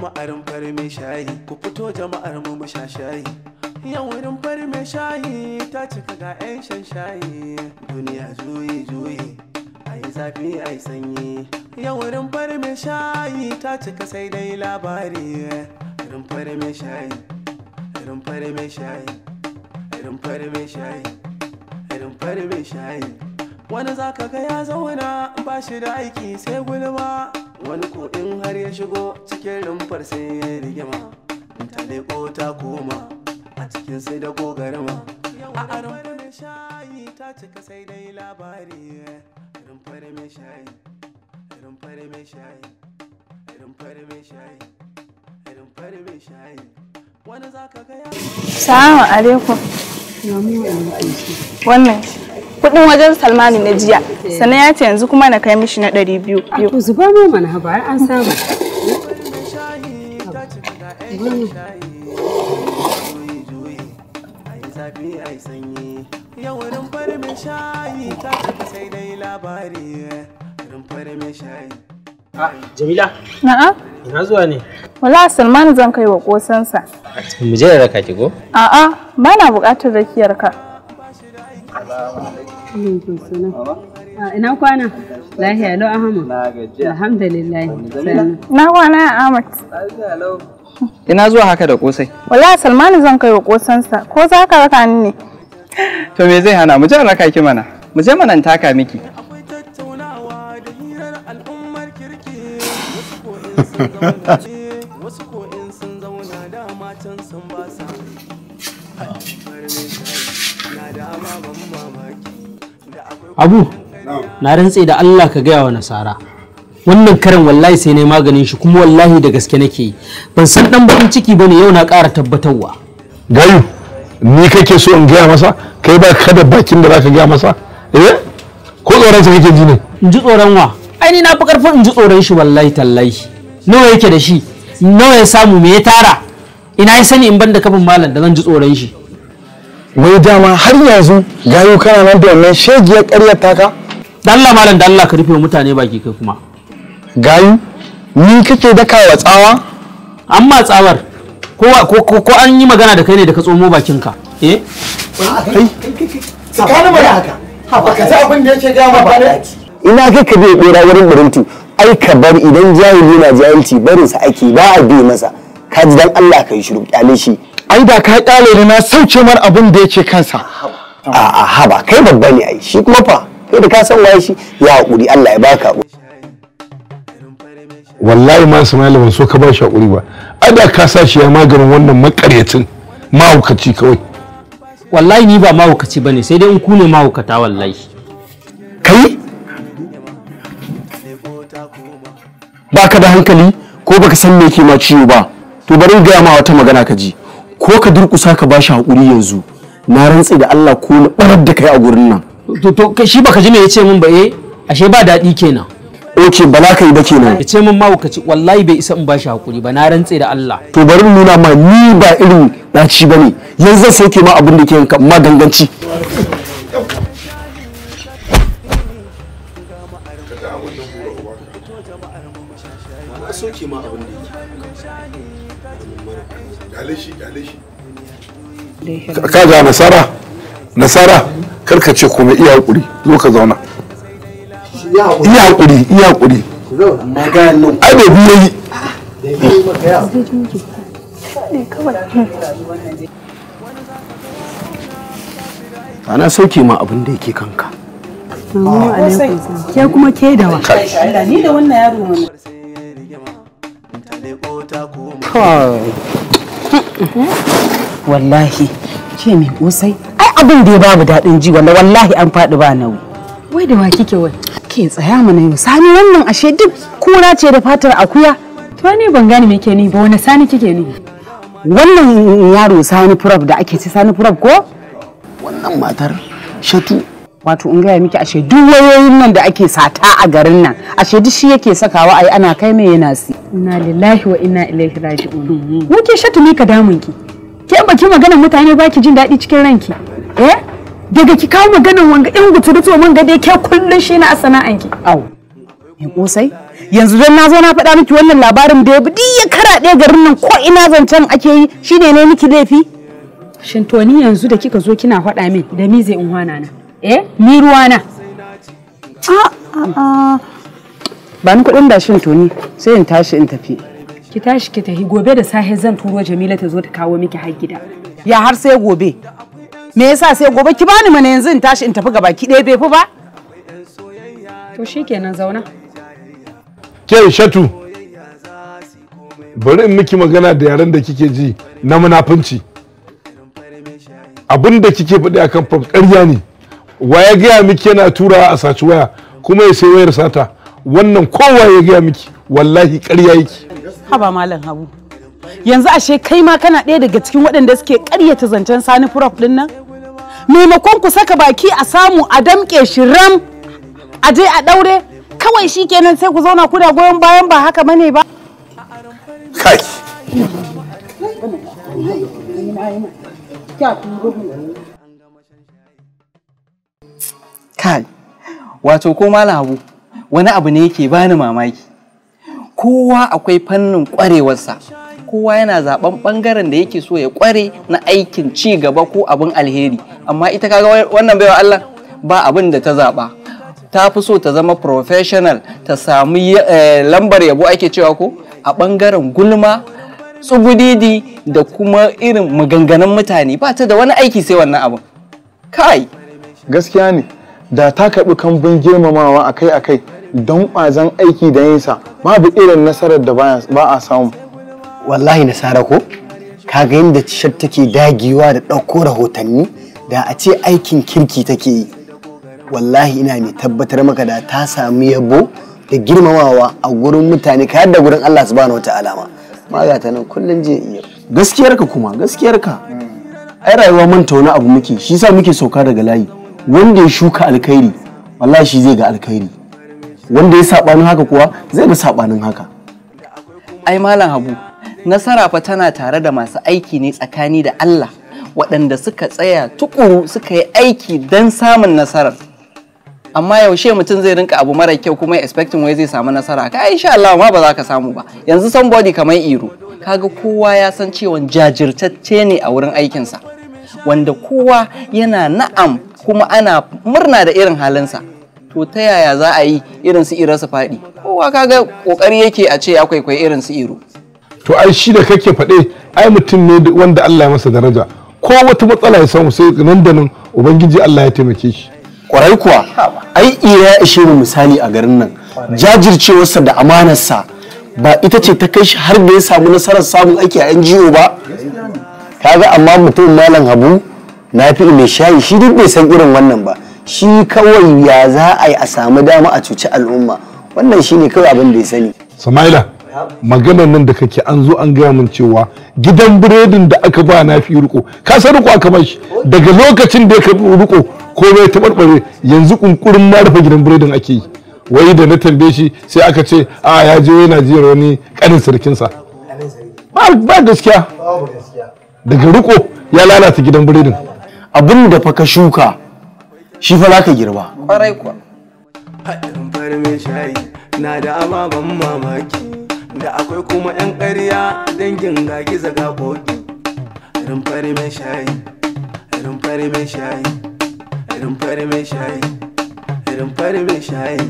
ma'arin shayi ku fito jama'ar mu mu sha shayi wurin shayi ta cika ga 'yan shan shayi duniya juyi juyi a yi zafi a yi sanyi yau rumfar mai shayi ta cika sai dai labari rumfar mai shayi rumfar mai shayi rumfar mai shayi rumfar mai shayi wani zaka ga ya zauna ba shi da aiki sai gulma wani kudin har ya shigo cikin rumfar sai ya rigima ta leko ta koma a cikin sai da gogarama a rumfar mai shayi ta cika sai dai labari rumfar mai shayi fari mai shayi irin fari wani zaka ga salamu alaikum wannan kudin wajen salmani na jiya sannan ya yanzu kuma na kai mishi na ɗari biyu to zuba mu mana haba an saba shayi ta sai dai labari Ah, Jamila? Ina zuwa ne? Wala Salmanu zan kai wa kosansa. Mu je da raka ki go? A'a, ba na buƙatar rakiyar ka. Ah, ina kwana? Lahiya lau Ahmad. Na Alhamdulillah. Na kwana Ahmad. Ina zuwa haka da kosai. Wala Salmanu zan kai wa kosansa. Ko za ka raka ni ne? To me zai hana mu je raka ki mana? Mu je mana taka miki. wasu ko in sun zauna da matan sun ba sa abu na rantse da Allah ka gaya wa nasara wannan karan wallahi sai ne maganin shi kuma wallahi da gaske nake ban san dan bakin ciki bane yau na ƙara tabbatarwa gayu ni kake so in gaya masa kai ba ka da bakin da zaka gaya masa eh ko tsoron sa kake ji ne in ji tsoron wa ai ni na fi karfin in ji tsoron shi wallahi tallahi nawa yake da shi nawa ya samu me ya tara ina ya sani in banda kafin malam da zan ji tsoron shi wai dama har yanzu gayu kana nan da wannan shegiyar ƙaryar taka dalla malam da Allah ka rufe mutane baki kai kuma gayu ni kake daka wa tsawa amma tsawar ko an yi magana da kai ne da ka tsomo bakinka eh kai tsakanin mu da haka haka abin da yake ga ba ina kai ka bai bera wurin burinti ai ka bar idan jahili na jahilci barin sa ake ba a bi masa ka ji dan Allah ka yi shiru kyale shi ai da ka kyale ni na sauke mar abin da yake kansa a a haba kai babba ne ai shi kuma fa kai da ka san waye shi ya hakuri Allah ya baka wallahi ma Ismail ban so ka ba shi hakuri ba Ai da ka sa shi ya maganin wannan makaryacin mahaukaci kawai wallahi ni ba mahaukaci bane sai dai in ku ne mahaukata wallahi kai baka da hankali ko baka san me ke ma ciwo ba to bari gaya ma wata magana ka ji ko ka durkusa ka ba shi hakuri yanzu na rantse da Allah ko na barar da kai a gurin nan to to shi baka ji me yace min ba eh ashe ba daɗi kenan ok bala ka yi ba kenan ya ce min ma ci wallahi bai isa in bashi hakuri ba na rantse da Allah to bari nuna ma ni ba irin ɗaci bane yanzu sai ke ma abin da ke yanka ganganci na soke ma abin da yake ka ga nasara nasara karka ce komai iya hakuri zo ka zauna iya hakuri iya hakuri ai da biyu yi ana soke ma abin da yake kanka Ah. Ke kuma ke da wa. Ni da wannan yaro Wallahi, ke mai kosai. Ai abin da ya babu daɗin ji wanda wallahi an faɗi ba nauyi. Wai da wa kike wai? Ke tsaya mana yau. Sani wannan ashe duk kura ce da fatar akuya. To ni ban gane me ke ni ba wani sani kike ni. Wannan yaro sani prof da ake ci sani prof ko? Wannan matar shatu wato in gaya miki ashe duk wayoyin nan da ake sata a garin nan ashe duk shi yake sakawa ai ana kai mai yana si inna lillahi wa inna ilaihi raji'un mhm. Shatu ne ka damun ki ke baki magana mutane baki jin daɗi cikin ranki eh daga ki kawo maganar wanga in gutu to mun ga dai ke kullun shi na sana'an ki au Ya kosai yanzu don na zo na faɗa miki wannan labarin da ya bi ya karaɗe garin nan ko ina zancen ake yi shine ne miki laifi shin to ni yanzu da kika zo kina faɗa min da ni zai in hwana na eh ni ruwana ba ni kuɗin dashin tuni sai in tashi in tafi ki tashi ki tafi gobe da safe zan turo jamila ta zo ta kawo miki har gida ya har sai gobe me yasa sai gobe ki bani mana yanzu in tashi in tafi gaba ki ɗaya bai fi ba to shikenan zauna ke shatu bari in miki magana da yaren da kike ji na munafunci abin da kike faɗi akan fam ƙarya ne wa ya gaya miki yana tura a saci waya kuma ya sai wayar sata wannan kowa ya gaya miki wallahi ƙarya yake haba malam habu yanzu ashe kai ma kana ɗaya daga cikin waɗanda suke ƙaryata zancen sani prof ɗin nan maimakon ku saka baki a samu a damƙe shi ram a je a ɗaure kawai shi kenan sai ku zauna kuna goyon bayan ba haka bane ba kai kai wato ko malabu wani abu ne yake bani mamaki kowa akwai fannin kwarewarsa kowa yana zaben bangaren da yake so ya kware na aikin ci gaba ko abin alheri amma ita kaga wannan baiwa Allah ba abin da ta zaba ta fi so ta zama professional ta samu eh, lambar yabo ake cewa ko a bangaren gulma tsugudidi da kuma irin maganganun mutane ba ta da wani aiki sai wannan abin kai gaskiya ne da ta karɓi kambun girmamawa akai-akai don ƙwazon aiki da yinsa babu irin nasarar da ba a samu. Wallahi nasara ko? Kaga yadda cishar take dagewa da ɗauko rahotanni da a ce aikin kirki take yi. Wallahi ina mai tabbatar maka da ta sami yabo da girmamawa a gurin mutane ka yadda gurin Allah subhanahu wata alama. maza ta nan kullum je iya. Gaskiyarka kuma gaskiyarka. Ai rayuwa manta wani abu muke shi sa muke sauka daga layi. wanda ya shuka alkhairi wallahi shi zai ga alkhairi wanda ya sabanin haka kuwa zai ga sabanin haka ai malam habu nasara fa tana tare da masu aiki ne tsakani da Allah waɗanda suka tsaya tukuru suka yi aiki don samun nasarar amma yaushe mutum zai rinka abu mara kyau kuma expecting wai zai samu nasara ka insha Allah ma ba za ka samu ba yanzu somebody kamar iro kaga kowa ya san cewa jajirtacce ne a wurin aikinsa wanda kowa yana na'am kuma ana murna da irin halinsa to ta yaya za a yi irin su irinsu faɗi kowa kaga kokari yake a ce ya kwaikwayi irin su iro to ai shi da kake faɗe ai mutum ne wanda Allah ya masa daraja ko wata matsala ya samu sai nan da nan ubangiji Allah ya taimake shi kwarai kuwa ai ira ya ishe mu misali a garin nan jajircewarsa da amanarsa ba ita ce ta kai shi har da ya samu nasarar samun aiki a NGO ba kaga amma mutum malam habu nafi mai shayi shi duk bai san irin wannan ba shi kawai ya za a yi a samu dama a cuci al'umma wannan shi ne kawai abin da ya sani samaila maganar nan da kake an zo an gaya min cewa gidan biredin da aka ba na fi riko ka san riko aka bashi daga lokacin da ya karbi riko ko bai tabarbare yanzu kunkurin ma rufe gidan biredin ake yi wai da na tambaye shi sai aka ce a ya je yana jiyar wani kanin sarkinsa ba gaskiya daga riko ya lalata gidan biredin abin da fa ka shuka shi fa zaka ka girba ƙwarai kuwa haɗin farmin shayi na da ban mamaki da akwai kuma 'yan ƙarya dangin gagi ga koki rumfar mai shayi rumfar mai shayi rumfar mai shayi rumfar mai shayi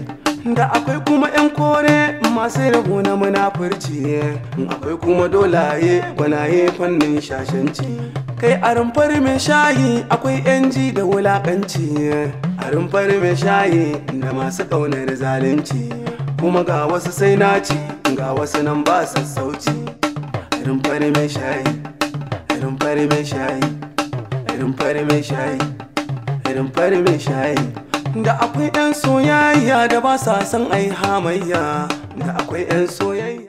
da akwai kuma 'yan kore masu rabu na munafurci akwai kuma dolaye gwanaye fannin shashanci kai a rumfar mai shayi akwai yanji da wulaƙanci a rumfar mai shayi da masu ƙaunar zalunci kuma ga wasu sai naci ga wasu nan ba sassauci rumfar mai shayi rumfar mai shayi rumfar mai shayi rumfar mai shayi da akwai 'yan soyayya da ba sa son ai hamayya da akwai 'yan soyayya